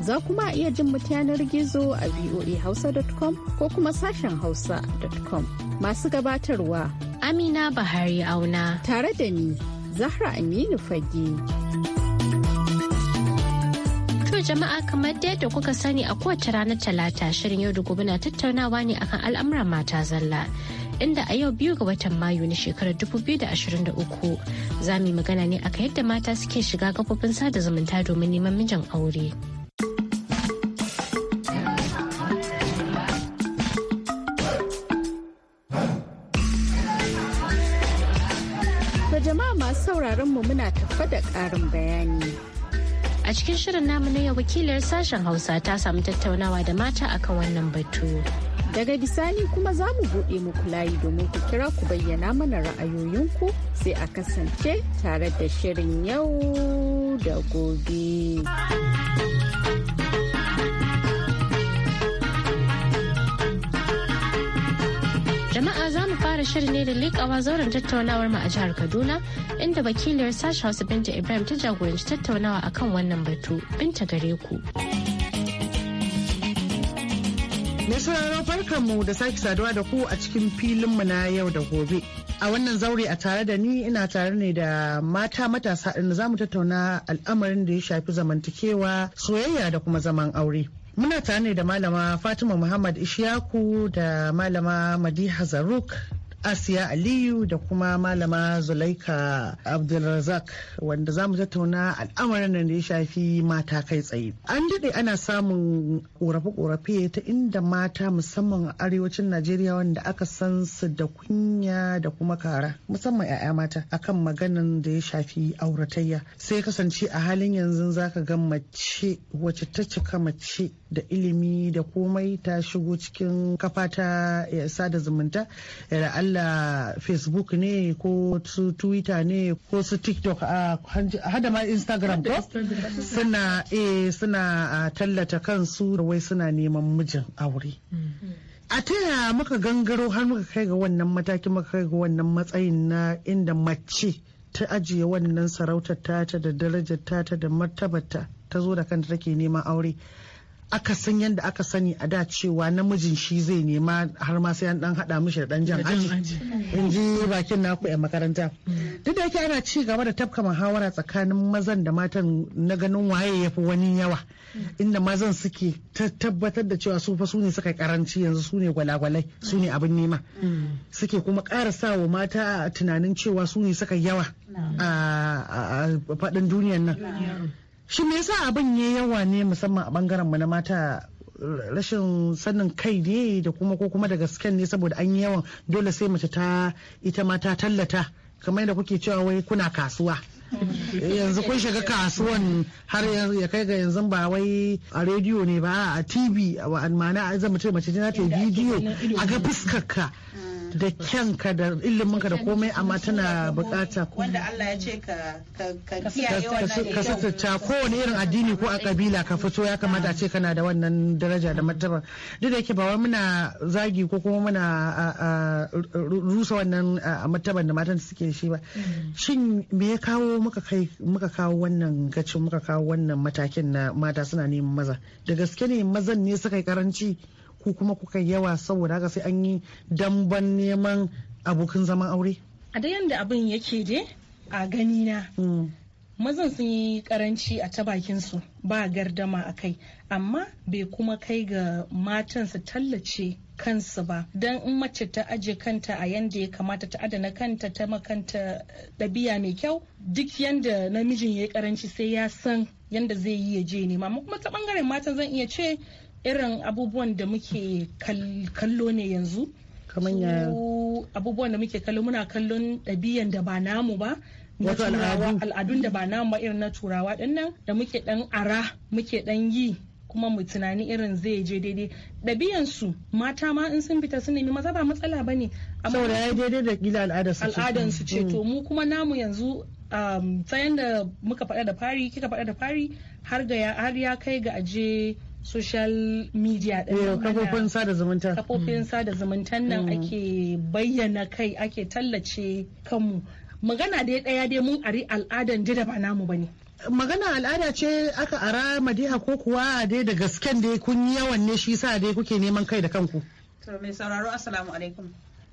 Za kuma iya jin yanar gizo a voahausa.com ko kuma sashen hausa.com. Masu gabatarwa Amina Bahari Auna. Tare da ni, Zahra Aminu Fage. jama'a kamar dai da kuka sani a kowace ranar talata shirin yau da gobe na tattaunawa ne akan al'amuran mata zalla inda a yau biyu ga watan mayu na shekarar 2023 za mu yi magana ne akan yadda mata suke shiga kafofin sada zumunta domin neman mijin aure. sauraron mu muna tafa da ƙarin bayani. A cikin shirin namu na yau wakilar sashen Hausa ta samu tattaunawa da mata akan wannan batu. Daga bisani kuma za mu buɗe muku layi domin ku kira ku bayyana mana ra'ayoyinku sai a kasance tare da shirin yau da gobe. fara shirin ne da likawa zauren tattaunawar mu a jihar Kaduna inda wakiliyar sashi Hausa Binta Ibrahim ta jagoranci tattaunawa a kan wannan batu. Binta gare ku. Mai sauraro mu da sake saduwa da ku a cikin filin mu na yau da gobe. A wannan zaure a tare da ni ina tare ne da mata matasa inda za mu tattauna al'amarin da ya shafi zamantakewa soyayya da kuma zaman aure. Muna tare ne da malama Fatima Muhammad Ishiyaku da malama Madiha Zaruk asiya aliyu da kuma malama zulaika abdulrazak wanda za mu tattauna al'amarin da ya shafi mata kai tsaye an daɗe ana samun ƙorafe-ƙorafe ta inda mata musamman a arewacin najeriya wanda aka san su da kunya da kuma kara musamman 'ya'ya mata akan maganan da ya shafi auratayya sai kasance a halin yanzu za ka ga mace wacce ta cika mace da ilimi da komai ta shigo cikin kafa ta eh, sada zumunta da kila facebook ne ko su twitter ne ko su tiktok a hada ma instagram ko suna eh suna tallata kansu wai suna neman mijin aure mm-hmm. a taya muka gangaro har muka kai ga wannan mataki muka kai ga wannan matsayin na inda mace ta ajiye wannan sarautar tata da darajar tata da martabarta ta zo da kanta take neman aure aka san yadda aka sani a da cewa namijin shi zai nema har ma sai an dan hada mishi da dan jan aji in ji bakin naku a makaranta duk da yake ana ci gaba da tafka muhawara tsakanin mazan da matan na ganin waye yafi wani yawa inda mazan suke tabbatar da cewa su fa su ne suka karanci yanzu su ne gwalagwalai su ne abin nema suke kuma ƙara sa wa mata tunanin cewa su ne suka yawa a faɗin duniyan nan Shin me yasa abin ya yawa ne musamman a bangaren mu na mata rashin sanin kai ne da kuma ko kuma da gasken ne saboda an yi yawan dole sai mace ta ita ma ta tallata kamar yadda kuke cewa wai kuna kasuwa. yanzu kun shiga kasuwan har ya kai ga yanzu ba wai a rediyo ne ba a tv a ma'ana a zama mace na yi bidiyo a ga fuskar da kyanka da iliminka da komai amma tana bukata wanda Allah ya ce ka kiyaye wannan ka kowane irin addini ko a kabila ka fito ya kamata a ce kana da wannan daraja da martaba duk da yake ba wai muna zagi ko kuma muna rusa wannan martaban da matan suke shi ba shin me ya kawo muka kai muka kawo wannan gacin muka kawo wannan matakin na mata suna neman maza da gaske ne mazan ne suka yi karanci ku kuma kuka yawa saboda haka sai an yi damban neman abokin zaman aure a da yadda abin yake dai a gani na hmm. mazan sun yi karanci a ta bakinsu ba gardama a kai amma bai kuma kai ga matan su tallace kansu ba don in mace ta aje kanta a yanda ya kamata ta adana kanta ta makanta eh, ɗabi'a mai kyau duk yanda namijin ya yi karanci sai ya san yanda zai yi ya je nema kuma ta ɓangaren matan zan iya ce irin abubuwan da muke kallo ne yanzu abubuwan da muke kallo muna kallon ɗabi'an da ba namu ba al'adun da ba namu ba irin na turawa dinnan da muke dan ara muke dan yi kuma mu tunani irin zai je daidai ɗabiyan su mata ma in sun fita sun nemi maza ba matsala ba ne saboda ya daidai da gila al'adan su ce mm. to mu kuma namu yanzu um, ta yanda muka faɗa da fari kika faɗa da fari har ya kai ga aje social media din eh, kafofin sada zumunta kafofin hmm. sada zumuntan nan hmm. ake bayyana kai ake tallace kanmu magana dai daya dai mun ari al'adan da ba namu bane magana al'ada ce aka ara madiha ko kuwa dai da gasken da kun yawan ne shi sa dai kuke neman kai da kanku to mai sauraro assalamu alaikum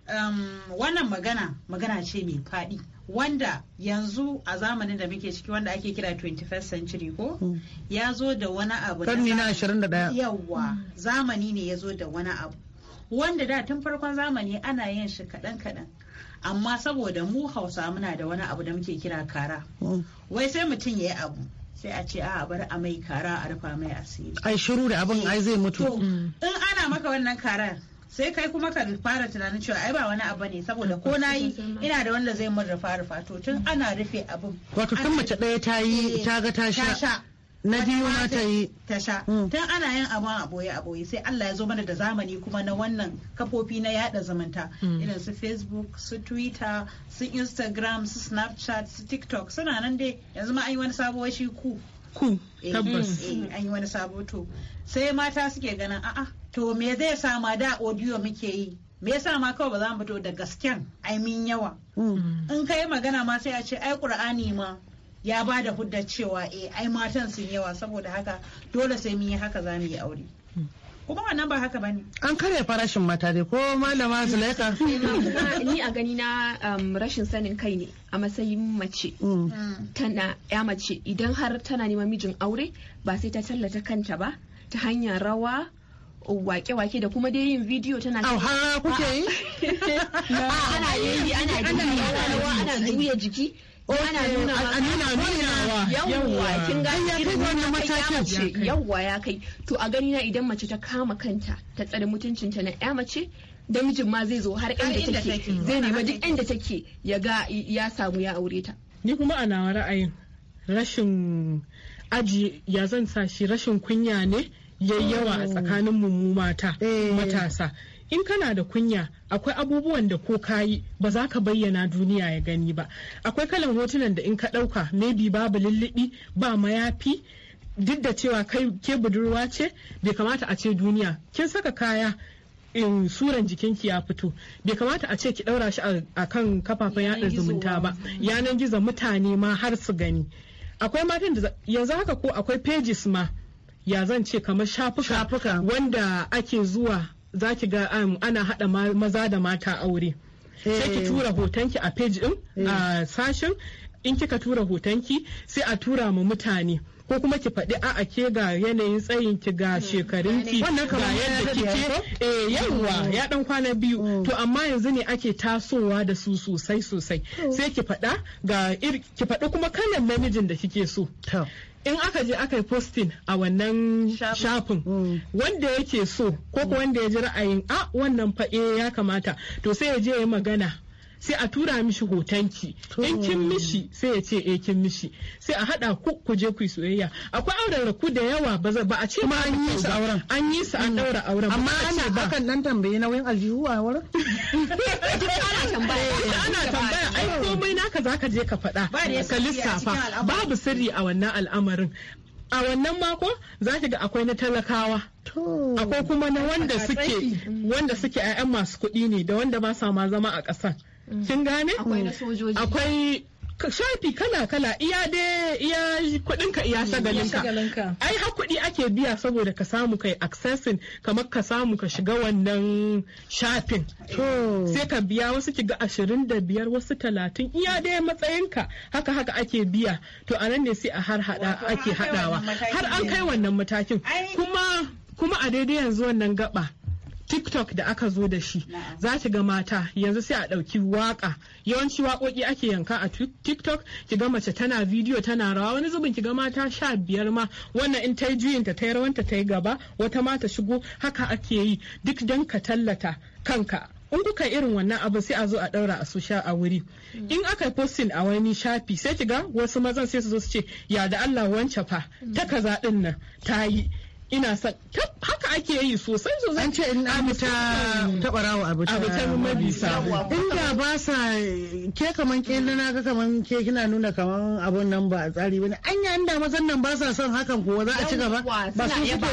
um, wannan magana magana ce mai faɗi wanda yanzu a zamanin da muke ciki wanda ake kira 21st century ko mm. ya zo da wani abu na 21 yawa mm. zamani ne ya zo da wani abu wanda da tun farkon zamani ana yin shi kaɗan-kaɗan amma saboda mu hausa muna da wani abu da muke kira kara mm. wai sai mutum ya yi abu sai a ce a bar a mai kara a rufa mai asiri ai shiru da abin ai zai mutu in ana maka wannan karar sai kai kuma ka fara tunanin cewa ai ba wani abu ne saboda ko na yi ina da wanda zai mun rufa rufa to tun ana rufe abin wato tun mace ɗaya ta yi eh, ta ga ta sha na biyu ma ta yi ta sha hmm. tun ana yin abin a boye a boye sai Allah ya zo mana da zamani kuma na wannan kafofi na yada zumunta hmm. irin su Facebook su Twitter su Instagram su Snapchat su TikTok suna nan dai yanzu ma an yi wani sabo shi ku ku eh, tabbas eh, an yi wani sabo to sai mata suke ganin a'a to me zai sa ma da audio muke yi me yasa ma kawai ba za mu fito da gasken aimin yawa mm. in ka yi magana ma sai a ce ai qur'ani ma ya ba da hudda cewa eh ai matan sun yawa saboda haka dole sai mun yi haka za mu yi aure mm. kuma wannan ba haka bane an karya farashin mata dai ko malama laika ni a gani na um, rashin sanin kai ne a matsayin mace mm. tana ya mace idan har tana neman mijin aure ba sai ta tallata kanta ba ta hanyar rawa wake-wake da kuma dai yin bidiyo tana shi. Har kuke yi? Ana yi ana yi ana juya jiki. ana nuna yawwa kin ga wannan matakin yawwa ya kai to a gani na idan mace ta kama kanta ta tsare mutuncinta na ya mace mijin ma zai zo har inda take zai nema duk inda take ya ga ya samu ya aure ta ni kuma a nawa ra'ayin rashin aji ya zan sa shi rashin kunya ne yayyawa a oh. tsakanin mu mata eh. matasa in kana da kunya akwai abubuwan da ko kayi ba za ka bayyana duniya ya gani ba akwai kalan hotunan da in ka ɗauka maybe babu lullubi ba mayafi duk da cewa kai ke budurwa ce bai kamata a ce duniya kin saka kaya in suran jikinki ya fito bai kamata a ce ki ɗaura shi a kan kafafen yaɗa zumunta ba yanan gizo mutane ma har su gani akwai matan da yanzu haka ko akwai pages ma ya zan ce kamar shafuka wanda ake zuwa za ki ga um, ana haɗa maza da mata aure. sai ki eh. tura hotonki a page din eh. a sashen in kika tura hotonki sai a tura ma mutane ko kuma ki faɗi a'a ke ga yanayin tsayin ki ga hmm, shekarun ki wannan kamar yadda kike eh yawa hmm. ya dan kwana biyu hmm. to amma yanzu ne ake tasowa da su sosai sosai sai ki faɗa ga ki faɗi kuma kalan namijin da kike so in aka je aka yi posting a wannan shafin wanda yake so ko wanda ya ji ra'ayin a ah, wannan fa'e eh, ya kamata to sai ya je ya magana sai a tura mishi hotonki in kin mishi sai ya ce eh kin mishi sai a hada ku ku je ku soyayya akwai auren raku da yawa ba a ce ma an yi su auren an yi su an daura auren amma ana hakan nan tambaye nauyin aljihu a wurin ana tambaya ana eh, tambaya ai oh. komai naka zaka je ka faɗa ka lissafa babu sirri a wannan al'amarin a wannan mako za ki ga akwai na talakawa akwai kuma na wanda suke wanda suke 'ya'yan masu kuɗi ne da wanda ba sa ma zama a ƙasar Mm. kin gane akwai mm. shafi kala-kala iya dai iya ka iya mm, shagalinka ai har kudi ake biya saboda ka samu kai accessing kamar ka samu ka shiga wannan shafin sai ka biya wasu kiga ashirin da biyar wasu talatin iya dai matsayinka haka haka ake biya to a nan ne sai a har hada ake hadawa har an kai wannan matakin kuma kuma a daidai yanzu wannan gaba tiktok da aka zo da shi za ki ga mata yanzu sai a ɗauki waka yawanci waƙoƙi ake yanka a tiktok ki ga mace tana bidiyo tana rawa wani zubin ki ga mata sha biyar ma wannan in ta yi juyinta ta yi rawanta ta yi gaba wata mata shigo haka ake yi duk don ka tallata kanka in kuka irin wannan abu sai a zo a daura a susha a wuri mm. in aka posting a wani shafi sai ki ga wasu mazan sai su zo su ce ya da Allah wancan fa mm. ta kaza din nan ta yi ina son haka ake yi sosai sosai an ce in an ta tabarawa abu ta mabi in inda ba sa ke kaman ke na ga kaman ke kina nuna kaman abun nan ba tsari bane ya inda mazan nan ba sa son hakan ko za a ci gaba ba su suke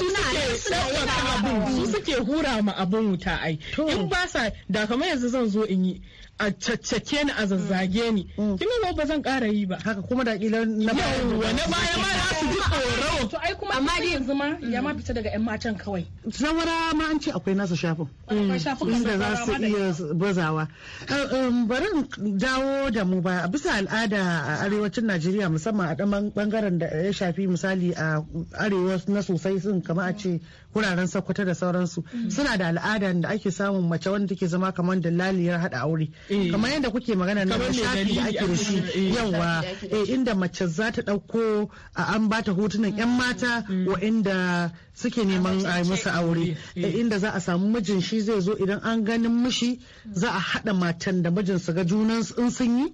nuna su suke hura ma abun wuta ai in ba sa da kaman yanzu zan zo in yi a caccake ni a zazzage ni mm. mm. kin ga ba zan ƙara yi ba haka kuma da kila na baya na baya ma za su ji tsoro to ai kuma amma dai yanzu ma ya ma mm. fita daga yan matan kawai zawara ma an ce akwai nasa shafin inda za su iya bazawa eh, um, bari dawo da mu ba bisa al'ada a arewacin Najeriya musamman a ɗan bangaren da ya shafi misali a arewa na sosai sun kama a ce wuraren sakwata da sauransu mm. suna da al'ada da ake samun mace wanda take zama kamar laliyar hada aure eh. kamar yadda kuke magana na shafi da eh. ake da eh, shi yawa inda mace za ta dauko a an ba ta hotunan yan mata mm. mm. wa inda suke neman a musu aure inda za a samu mijin shi zai zo idan an ganin mushi za a hada matan da mijin su ga junan in sun yi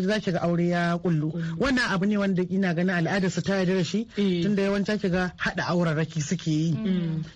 za ki ga aure ya kullu wannan abu ne wanda ina ganin su ta yarda da shi tunda yawanci ki ga hada auraraki suke yi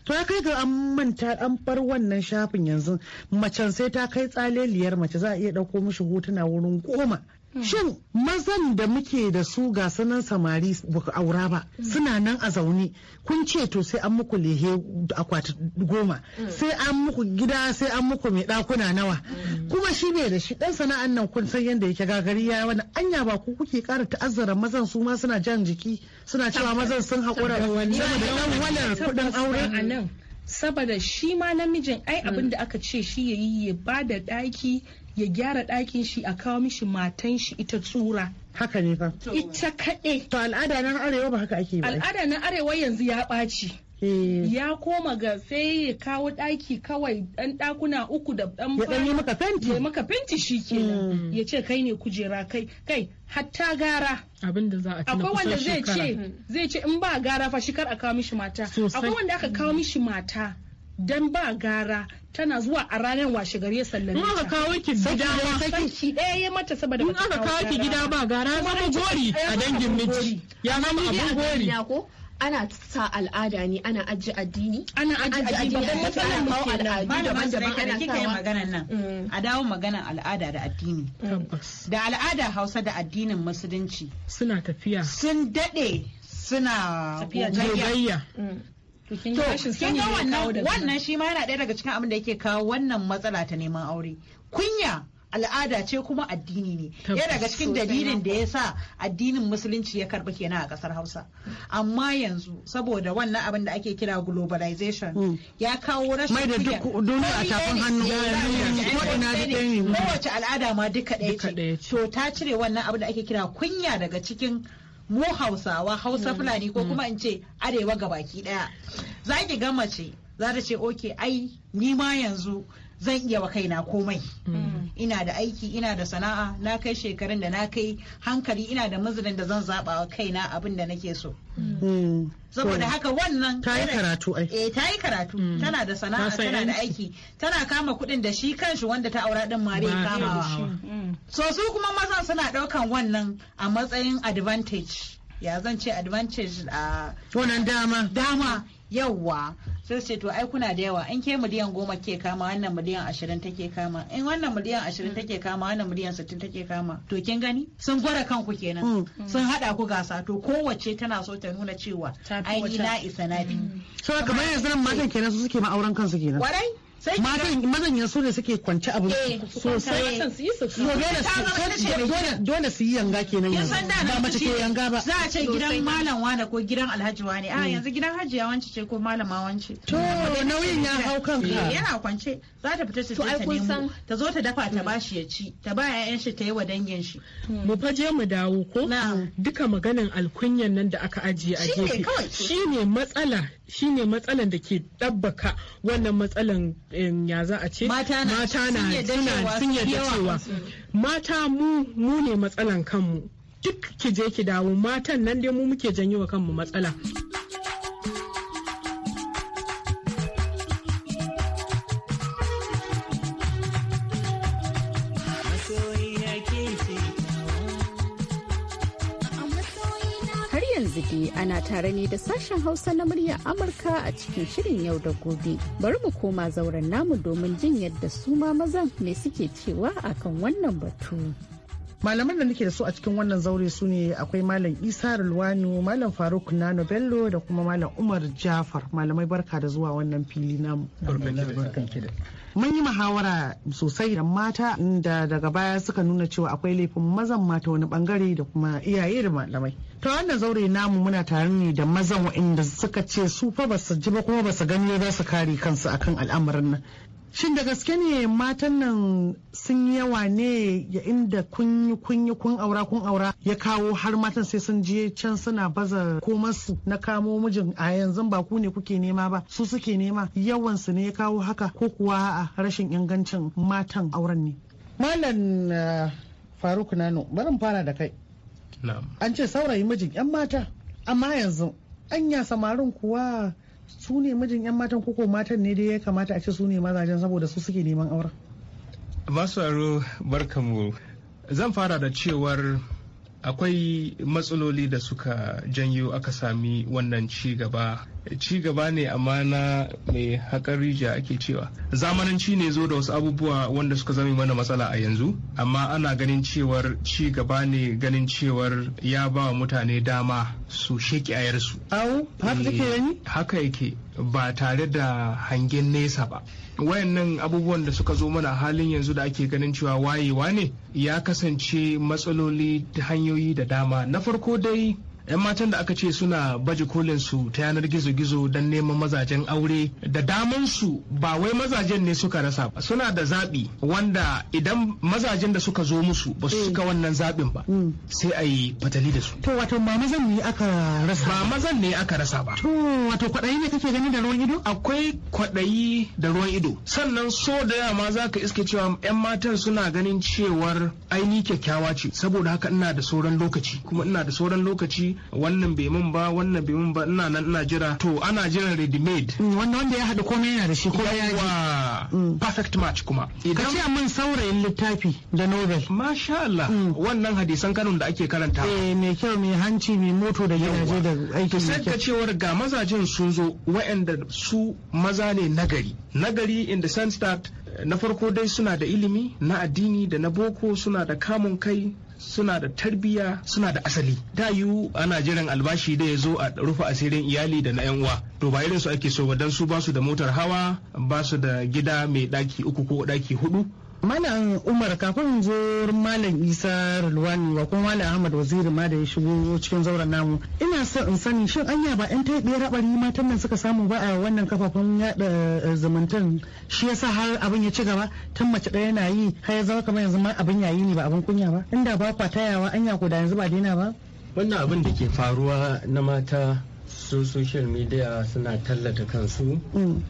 to ya kai ga an manta an bar wannan shafin yanzu macen sai ta kai tsaleliyar mace za a iya ɗauko mishi hotuna wurin goma Shin mazan da muke da su ga sanan samari aura ba suna nan a zaune kun ce to sai an muku lehe akwati goma sai an muku gida sai an muku mai dakuna nawa kuma shi ne da shi dan sana'an nan kun san yadda yake gagari ya wani anya ba ku kuke kara ta'azzara mazan su ma suna jan jiki suna cewa mazan sun haƙura saboda dan walar kuɗin aure saboda shi ma namijin ai abin da aka ce shi yayi ya ba da daki ya gyara ɗakin shi a kawo mishi matan shi ita tsura haka ne fa ita kaɗe to al'ada na arewa ba haka ake ba al'ada na arewa yanzu ya ɓaci ya koma ga sai ya kawo ɗaki kawai ɗan ɗakuna uku da ɗan ya ɗan yi maka fenti ya maka fenti shi ke mm. ya ce kai ne kujera kai kai hatta gara abinda za a shekara. akwai wanda zai ce zai ce in ba gara fa shi kar a kawo mishi mata akwai wanda aka kawo mishi mata dan ba gara tana zuwa a ranar washe gari ya sallame ta. aka kawo ki gida ba saki ya gara zama gori a dangin miji ya zama abun gori. ana sa al'ada ne ana aji addini ana aji addini babban da kika yi nan mm. a dawo maganar al'ada da addini da al'ada Hausa da addinin musulunci suna tafiya sun daɗe suna gogayya to kin wannan wannan shi ma yana ɗaya daga cikin abin da yake kawo wannan matsala ta neman aure kunya al'ada ce kuma addini ne ya daga cikin dalilin da ya sa addinin musulunci ya karbi kenan a kasar hausa amma yanzu saboda wannan abin da ake kira globalization hmm. ya kawo rashin mai da duk duniya a tafin hannu kowace al'ada ma duka ɗaya ce to ta cire wannan abin da ake kira kunya daga cikin mu hausawa hausa mm. fulani ko kuma mm. in ce arewa gabaki baki daya za ki ga mace za ta ce oke ai ni ma yanzu zan iya wa kaina komai hmm. ina da aiki ina da sana'a na kai shekarun da na kai hankali ina da mazirin da zan zaba wa kaina abin da nake so hmm. Hmm. saboda haka wannan ta yi karatu eh, ta yi karatu tana da sana'a tana da aiki tana kama kuɗin da shi kanshi wanda ta aura din mare kama so su kuma mazan suna ɗaukan wannan a matsayin advantage ya zan ce advantage a ah, wannan dama dama yawwa sai ce to ai kuna da yawa in ke miliyan goma ke kama wannan miliyan ashirin take kama in wannan miliyan ashirin mm. take kama wannan miliyan sittin take kama to kin gani sun gwada kanku kenan mm. Mm. sun haɗa ku gasa to kowace tana so ta nuna cewa ai ni na isa na bi. so kamar yanzu nan matan kenan su suke ma'auran kansu kenan. warai Eh, mazan su ne suke kwanci abin sosai dole su yi yanga kenan yanzu ba mace ke yanga ba za a ce gidan malam wane ko gidan alhaji wane a hmm. yanzu gidan hajiya wance ce ko malama wance to nauyin ya hau kanka eh, yana kwance za ta fita ta ta nemo ta zo ta dafa ta bashi ya ci ta ba yayan shi ta yi wa dangin shi hmm. mu faje mu dawo ko duka maganan alkunyan nan da aka ajiye a gefe shine matsala Shi ne matsalan da ke ɗabbaka wannan matsalan ya za a ce mata na sun yadda cewa mata mu ne matsalan kanmu duk ki je ki dawo matan nan dai mu muke janyo wa kanmu matsala. tare ne da sashen Hausa na murya Amurka a cikin shirin yau da gobe. Bari mu koma zauren namu domin jin yadda su ma mazan ne suke cewa akan wannan batu. malaman da nake da su a cikin wannan zaure su ne akwai malam isa rulwani malam faruk nano bello da kuma malam umar jafar malamai barka da zuwa wannan fili na mun yi muhawara sosai da mata da daga baya suka nuna cewa akwai laifin mazan mata wani bangare da kuma iyaye da malamai ta wannan zaure namu muna tare ne da mazan waɗanda suka ce su fa ba su ji ba kuma ba su gani za su kare kansu akan al'amarin nan Shin da gaske ne matan nan sun yawa ne ya inda kunyi kunyi kun aura kun aura ya kawo har matan sai sun je can suna baza komansu na kamo mijin a yanzu ba ku ne kuke nema ba su suke nema yawan su ne ya kawo haka ko kuwa a rashin ingancin matan auren ne. Malam uh, Faruk Nano barin fara da kai. An ce saurayi mijin 'yan mata amma yanzu anya samarin kuwa su ne mijin 'yan matan koko matan ne dai ya kamata a ce su ne mazajen saboda su suke neman auren. masu aro barkamu zan fara da cewar akwai matsaloli da suka janyo aka sami wannan cigaba cigaba ne amma na mai haƙar rija ake cewa zamananci ne zo da wasu abubuwa wanda suka zama mana matsala a yanzu amma ana ganin cewar cigaba ne ganin cewar ya ba mutane dama su sheki ayarsu awo eh, haka yake ba tare da hangen nesa ba wayannan abubuwan da suka zo mana halin yanzu da ake ganin cewa wayewa ne ya kasance matsaloli ta hanyoyi da dama na farko dai 'yan matan da aka ce suna baje kolin su ta yanar gizo-gizo don neman mazajen aure da daman su ba wai mazajen ne suka rasa ba suna da zaɓi wanda idan mazajen da suka zo musu ba su suka wannan zaɓin ba mm. sai a yi fatali da su. To wato ba mazan ne aka rasa ba. mazan ne aka rasa ba. To wato kwaɗayi ne kake gani da ruwan ido? Akwai kwaɗayi da ruwan ido. Sannan so da yama za ka iske cewa 'yan matan suna ganin cewar aini kyakkyawa ce saboda haka ina da sauran lokaci kuma ina da sauran lokaci wannan bai mun ba wannan bai mun ba ina nan ina jira to ana jiran ready made mm, wanda wanda ya hada komai yana da shi ko ya ji mm. perfect match kuma idan ce mun saurayin littafi da novel masha Allah mm. wannan hadisan kanun da ake karanta eh me kyau me hanci me moto da gidaje da aiki sai ka cewar ga mazajin sun zo waɗanda su maza ne nagari nagari in the sense that eh, na farko dai suna da ilimi na addini da na boko suna da kamun kai suna da tarbiyya suna da asali da yiwu ana jiran albashi da ya zo a rufe asirin iyali da na yan uwa to ba irin su ake so ba dan su basu da motar hawa ba su da gida mai daki uku ko daki hudu Malam Umar kafin zo Malam Isa Rulwani wa kuma Malam Ahmad Waziri ma da ya shigo cikin zauren namu. Ina son in sani shin anya ba yan yi rabari matan nan suka samu ba a wannan kafafen yada eh, zumuntan shi yasa har abin ya ci gaba tun mace ɗaya na yi har ya zama kamar yanzu ma abin yayi ne ba abin kunya ba. Inda ba kwa tayawa anya ko da yanzu ba daina ba. Wannan abin da ke faruwa na mata su social media suna tallata kansu mm.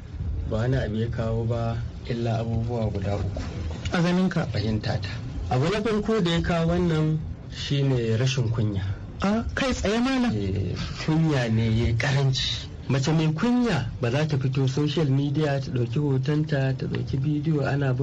ba wani abu ya kawo ba illa abubuwa guda uku. a ganin ka fahimta ta abu na farko da ya kawo wannan shine rashin kunya a kai tsaye mana eh, kunya ne ya karanci mace mai kunya ba za ta fito social media ta ɗauki hotonta ta ɗauki bidiyo ana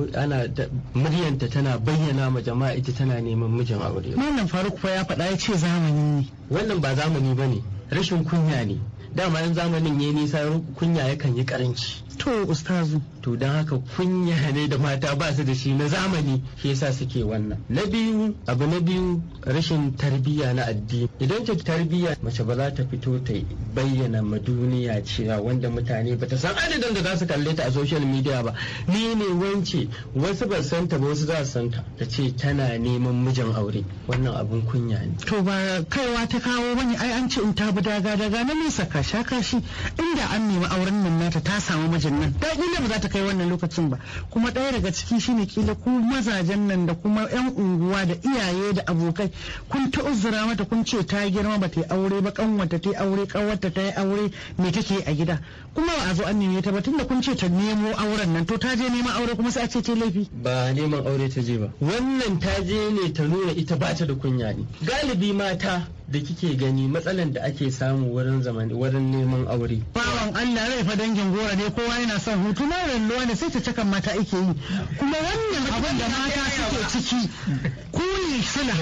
muryanta tana bayyana ma jama'a ita tana neman mijin aure wannan faruk fa ya faɗa ya ce zamani ne wannan ba zamani ba ne rashin kunya ne dama yan zamanin ya nisa kunya yakan yi karanci to ustazu to don haka kunya ne da mata ba su da shi na zamani shi yasa suke wannan na biyu abu na biyu rashin tarbiyya na addini idan ta tarbiyya mace ba za ta fito ta bayyana ma duniya cewa wanda mutane ba ta san adadin da za su kalle ta a social media ba ni ne wance wasu ba san ta ba wasu za su san ta ta ce tana neman mijin aure wannan abun kunya ne to ba kaiwa ta kawo bane ai an ce in ta bi daga daga na nesa ta sha kashi inda an nemi auren nan nata ta samu mijin nan da kila ba za ta kai wannan lokacin ba kuma ɗaya daga ciki shine kila ku mazajen nan da kuma yan unguwa da iyaye da abokai kun ta uzura mata kun ce ta girma ba ta yi aure ba kanwata ta yi aure kawarta ta yi aure me take a gida kuma ba a zo an neme ta ba tunda kun ce ta nemo auren nan to ta je neman aure kuma sai a ce ce laifi ba neman aure ta je ba wannan ta je ne ta nuna ita ba ta da kunya ne galibi mata da kike gani matsalan da ake samu wurin zamani wurin neman aure. Bawan Allah rai fa dangin gora ne kowa yana son hutu na ralluwa ne sai ta cakan mata ake yi. Kuma wannan abin da mata suke ciki kuni suna.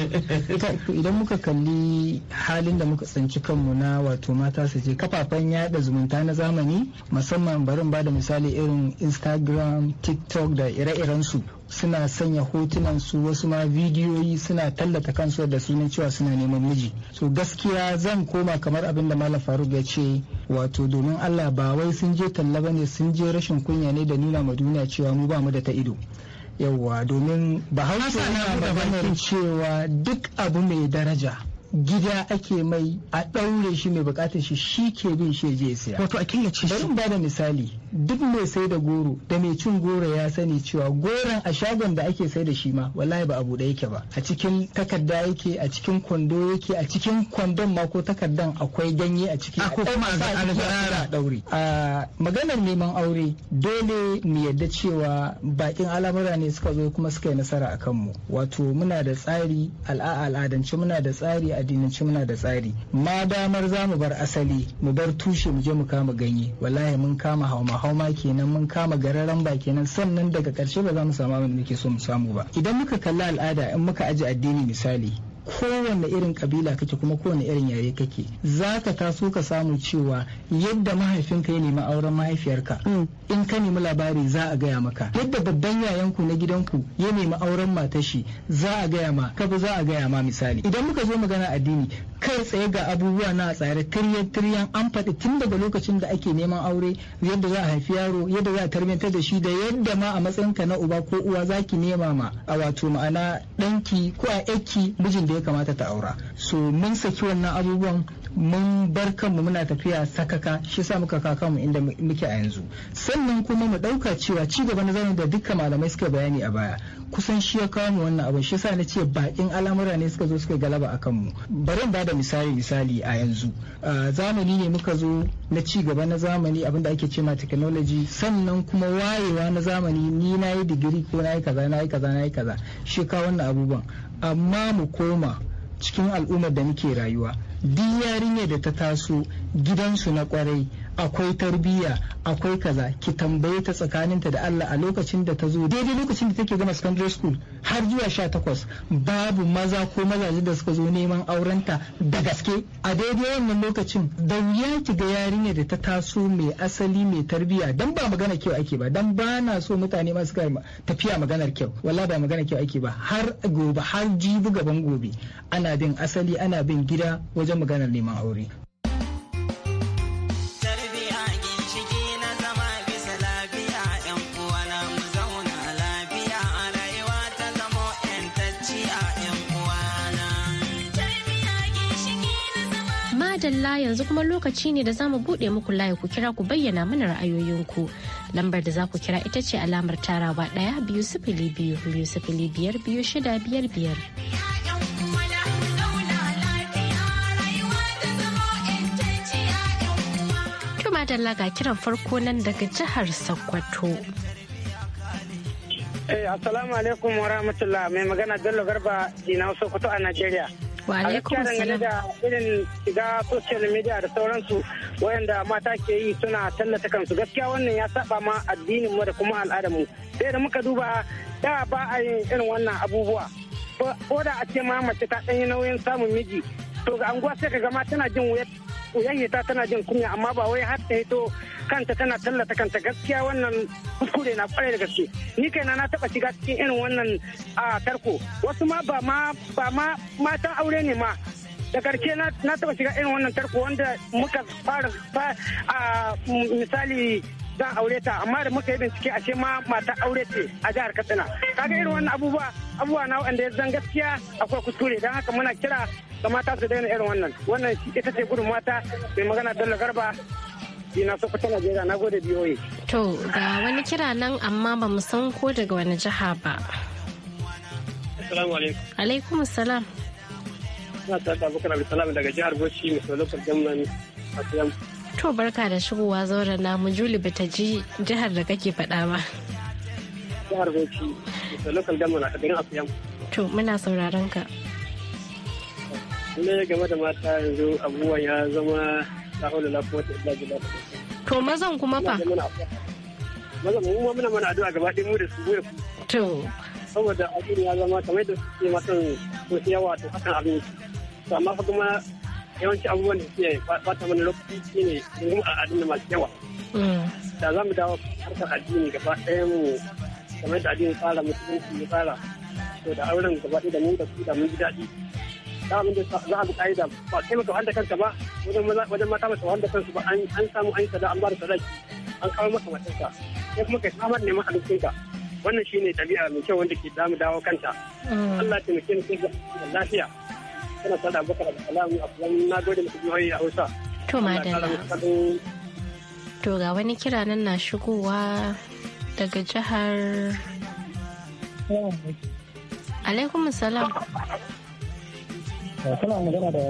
Idan muka kalli halin da muka tsinci kanmu na wato mata su je kafafen yada zumunta na zamani musamman barin ba da misali irin Instagram, TikTok da ire iren su suna sanya hotunan su wasu ma bidiyoyi suna tallata kansu da sunan cewa suna neman miji so gaskiya zan koma kamar abin da malam faruk ya ce wato domin allah ba wai sun je talla ne sun je rashin kunya ne da nuna ma duniya cewa mu ba mu da ta ido yawwa domin bahaushe yana maganar cewa duk abu mai daraja gida ake mai a ɗaure shi mai bukatar shi shi ke bin shi je siya wato a ce shi ba da misali duk mai sai da goro da mai cin goro ya sani cewa goron a shagon da ake sai da shi ma wallahi ba abu da yake ba a cikin takarda yake a cikin kwando yake a cikin kwandon ma ko takardan akwai ganye a ciki ko kuma a daure a maganar neman aure dole mu yadda cewa bakin al'amura ne suka zo kuma suka yi nasara a kanmu wato muna da tsari al'adance muna da tsari a addinance muna da tsari ma damar za mu bar asali mu bar tushe mu je mu kama ganye wallahi mun kama hauma hauma kenan mun kama gararan ba kenan sannan daga karshe ba za mu samu abin da muke so mu samu ba idan muka kalli al'ada in muka aji addini misali kowane irin kabila kake kuma kowane irin yare kake za ka taso ka samu cewa yadda mahaifinka ya nemi auren mahaifiyarka mm. in ka nemi labari za a gaya maka yadda babban yayanku na gidanku ya nemi auren matashi za a gaya ma kafa za a gaya ma misali idan muka zo magana addini kai tsaye ga abubuwa na tsare tiryan tiryan an faɗi tun daga lokacin da ake neman aure yadda za a haifi yaro yadda za a tarbiyyantar da shi da yadda ma a matsayinka na uba ko uwa za ki nema ma a wato ma'ana ɗanki ko a yaki mijin da ya kamata ta aura so mun saki wannan abubuwan mun bar kanmu muna tafiya sakaka shi sa muka kaka mu inda muke a yanzu sannan kuma mu dauka cewa ci gaba na zamani da dukkan malamai suka bayani a baya kusan shi ya kawo mu wannan abin shi sa na ce bakin al'amura ne suka zo suka galaba a kanmu bari ba da misali misali a yanzu zamani ne muka zo na ci gaba na zamani abinda ake ce ma technology sannan kuma wayewa na zamani ni na yi digiri ko na yi kaza na yi kaza na yi kaza shi kawo wannan abubuwan amma mu koma cikin al'ummar da muke rayuwa duk yarinyar da ta taso gidansu na kwarai akwai tarbiyya akwai kaza ki tambaye ta tsakaninta da Allah a lokacin da ta zo daidai lokacin da take gama secondary school har zuwa 18 babu maza ko mazaje da suka zo neman aurenta da gaske a daidai wannan lokacin da wuya ki ga yarinya da ta taso mai asali mai tarbiyya dan ba magana kyau ake ba dan ba na so mutane ma suka tafiya maganar kyau wallahi ba magana kyau ake ba har gobe har jibi gaban gobe ana bin asali ana bin gida wajen maganar neman aure madalla yanzu kuma lokaci ne da za mu buɗe muku layi ku kira ku bayyana mana ra'ayoyinku. Lambar da za ku kira ita ce alamar tarawa ɗaya biyu sifili biyu biyu sifili biyar biyu shida biyar biyar. Madalla ga kiran farko nan daga jihar Sokoto. Eh, Assalamu alaikum wa rahmatullah mai magana Bello Garba Dinawa Sokoto a Najeriya. Wa da irin shiga social media da sauransu wayanda mata ke yi suna tallata kansu gaskiya wannan ya saba ma addinin mu da kuma al'adar mu. Sai da muka duba da ba a yin irin wannan abubuwa. Ko da a ce ma mace ta yi nauyin samun miji to ga anguwa sai ka gama tana jin wuyar yayyata tana jin kunya amma ba wai har ta hito kanta tana tallata kanta gaskiya wannan kuskure na kwarai da gaske ni kaina na taba shiga cikin irin wannan a tarko wasu ma ba ma ba ma matan aure ne ma da karshe na taba shiga irin wannan tarko wanda muka fara misali zan aure ta amma da muka yi bincike ce ma mata aure ce a jihar katsina kaga irin wannan abubuwa abubuwa na wanda ya zan gaskiya akwai kuskure don haka muna kira ga mata su daina irin wannan wannan ita ce gudun mata mai magana dalla garba ina so kuta najeriya na gode biyoyi to ga wani kira nan amma ba mu san ko daga wani jiha ba alaikum salam assalam ina ta da bukar salam daga jihar bauchi mai lokacin gwamnati a To barka da shigowa zauren namu Juli bata ji jihar da kake faɗa ba. Jihar Bauchi, da local government a garin Afiyam. To muna sauraron ka. Ne game da mata yanzu abubuwan ya zama sahulu lafiya da ila To mazan kuma fa? Mazan mu muna mana addu'a gaba ɗin mu da su da ku. To. Saboda abin ya zama kamar da suke matan yawa to hakan abin. To amma kuma yawanci abubuwan da suke bata mana lokaci shine mu a addini masu yawa mm. da za mu dawo harkar addini gaba ɗaya mu kamar da addini tsara musulunci ya tsara to da auren gaba ɗaya da mun da da mun ji daɗi za mu da za a bi ka'ida ba kai maka wanda kanka ba wajen mata mata wanda kansu ba an samu an sada an ba da sadaki an kawo masa matarsa sai kuma kai samar neman ka. wannan shine ɗabi'a mai kyau wanda ke damu dawo kanta mm. Allah ya taimake ni sai lafiya suna tare da abubakar alamu a kuma na gode muku jihohi a hausa. to madalla to ga wani kira nan na shigowa daga jihar alaikum salam ah, kana magana da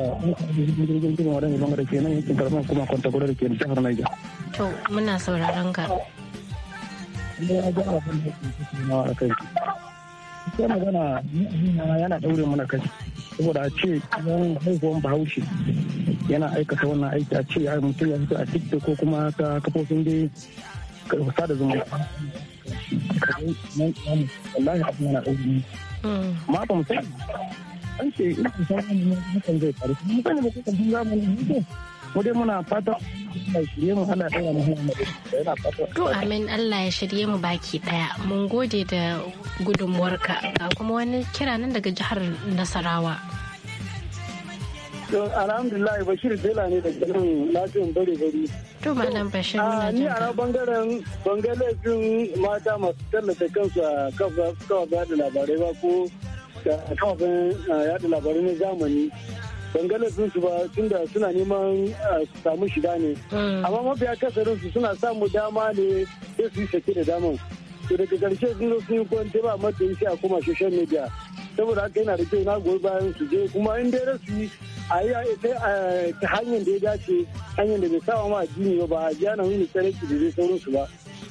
jirgin jirgin wadanda zama da ke nan yankin karfin kuma kwanta gudu da ke da jihar Niger. To muna sauraron ka. Ina ya ga abin da ke a kai. Sai magana yana daure mana kashi. saboda a ce kamar haihuwan bahaushe yana aikata wannan aiki a ce mutum ya fito a tiktok ko kuma ta kafofin dai sada wallahi abu yana ɗauki ba mu sani an ce ina zai faru ba zamani mu dai muna fata Allah shirye mu mu To amin Allah ya shirye mu baki daya. Mun gode da gudunmuwarka ga kuma wani kira nan daga jihar Nasarawa. Don alhamdulillah Bashir Dela ne daga nan lafiyan bare bari. To malam Bashir muna ah, Ni a bangaren bangaren mata masu tallata kansu a kafa kafa da labarai ba ko kafafen ah, yada labarai na zamani. dangane sun su ba da suna neman eh, su samu shiga ne hmm. amma mafi akasarin su suna samu dama ne sai su yi sake da daman to daga karshe sun zo sun yi kwanci ba mata yi a kuma social media saboda haka yana da kyau na goyi bayan su je kuma in dai rasu yi a yi ta hanyar da ya dace hanyar da bai sawa ma addini ba ba a ji ana wuni tsarki da zai sauransu ba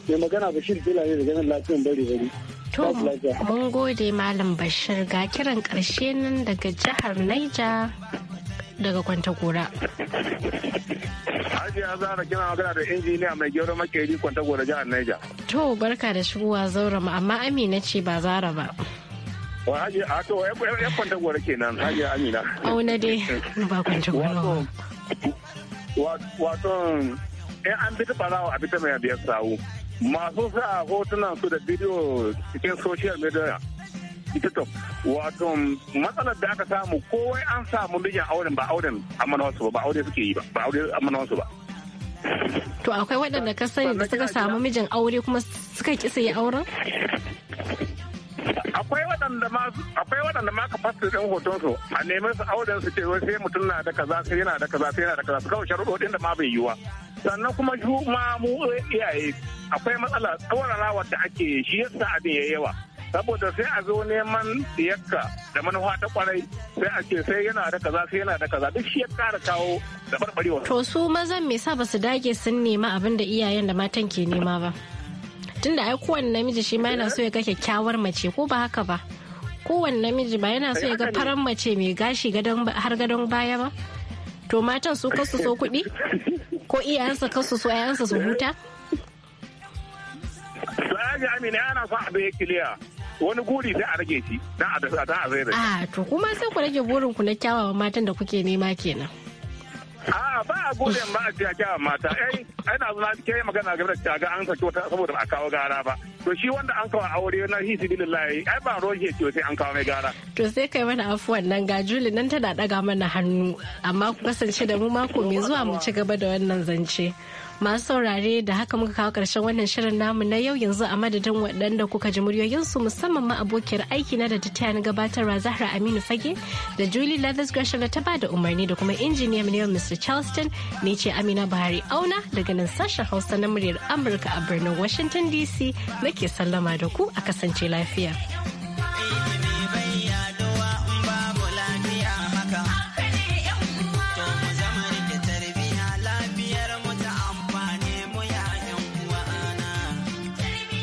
mai magana bashir bela ne daga nan lafiyan bari bari To, mun gode Malam Bashir ga kiran karshe nan daga jihar niger daga Kwantagora. Hajiya Zara kina magana da injiniya mai gero makeri Kwantagora jihar Niger. To barka da shigowa zaura mu amma Amina ce ba Zara ba. Wa Hajiya a to ya Kwantagora kenan Hajiya Amina. Auna dai ba Kwantagora. Wato in an bi ta barawa a bi mai biyar sawu. Masu sa hotunan su da bidiyo cikin social media ita wato matsalar da aka samu kowai an samu mijin auren ba auren amana wasu ba ba aure suke yi ba ba aure amana wasu ba to akwai waɗanda ka sani da suka samu mijin aure kuma suka kisa yi auren akwai waɗanda ma akwai waɗanda ma ka fasta ɗin hoton su a neman su auren su ce sai mutum na da kaza sai yana da kaza sai yana da kaza su kawo sharuɗoɗin da ma bai yiwa sannan kuma ma mu eh, iyaye akwai matsala tsawarara wadda ake shi yasa abin yayi yawa saboda sai a zo neman siyakka da manufa ta kwarai sai a ce sai yana da kaza sai yana da kaza duk shi ya kara kawo da barbarewa to su mazan me sa basu dage sun nema abin da iyayen da matan ke nema ba tunda ai kowanne namiji shi ma yana so ya ga kyakkyawar mace ko ba haka ba kowanne namiji ba yana so ya ga faran mace mai gashi har gadon baya ba to matan su kasu so kuɗi ko iyayensa kasu so yayansa su huta Alhaji Amina ana sa abu ya kiliya. wani guri sai a rage shi dan a ta a zai da a ah, to kuma sai ku rage burin ku na kyawawan matan da kuke nema kenan a ah, ba a gode ba a ciya kyawawan mata ai eh, ai na zuwa ke kai magana game da caga an saki wata saboda a kawo gara ba to shi wanda an kawo aure na hisi billahi ai ba roje ce sai an kawo mai gara to sai kai mana afuwan nan ga Juli nan tana daga mana hannu amma ku kasance da mu mako mai zuwa mu ci gaba da wannan zance masu saurare da haka muka kawo ƙarshen wannan shirin namu na yau yanzu a madadin waɗanda kuka ji muryoyinsu musamman ma abokiyar aiki na da ta na gabatarwa zahra aminu fage da julie leathers gresham da ta bada umarni da kuma injiniya yau mr charleston ne ce amina buhari auna daga nan sashen hausa na muryar amurka a birnin washington dc nake sallama da ku a kasance lafiya.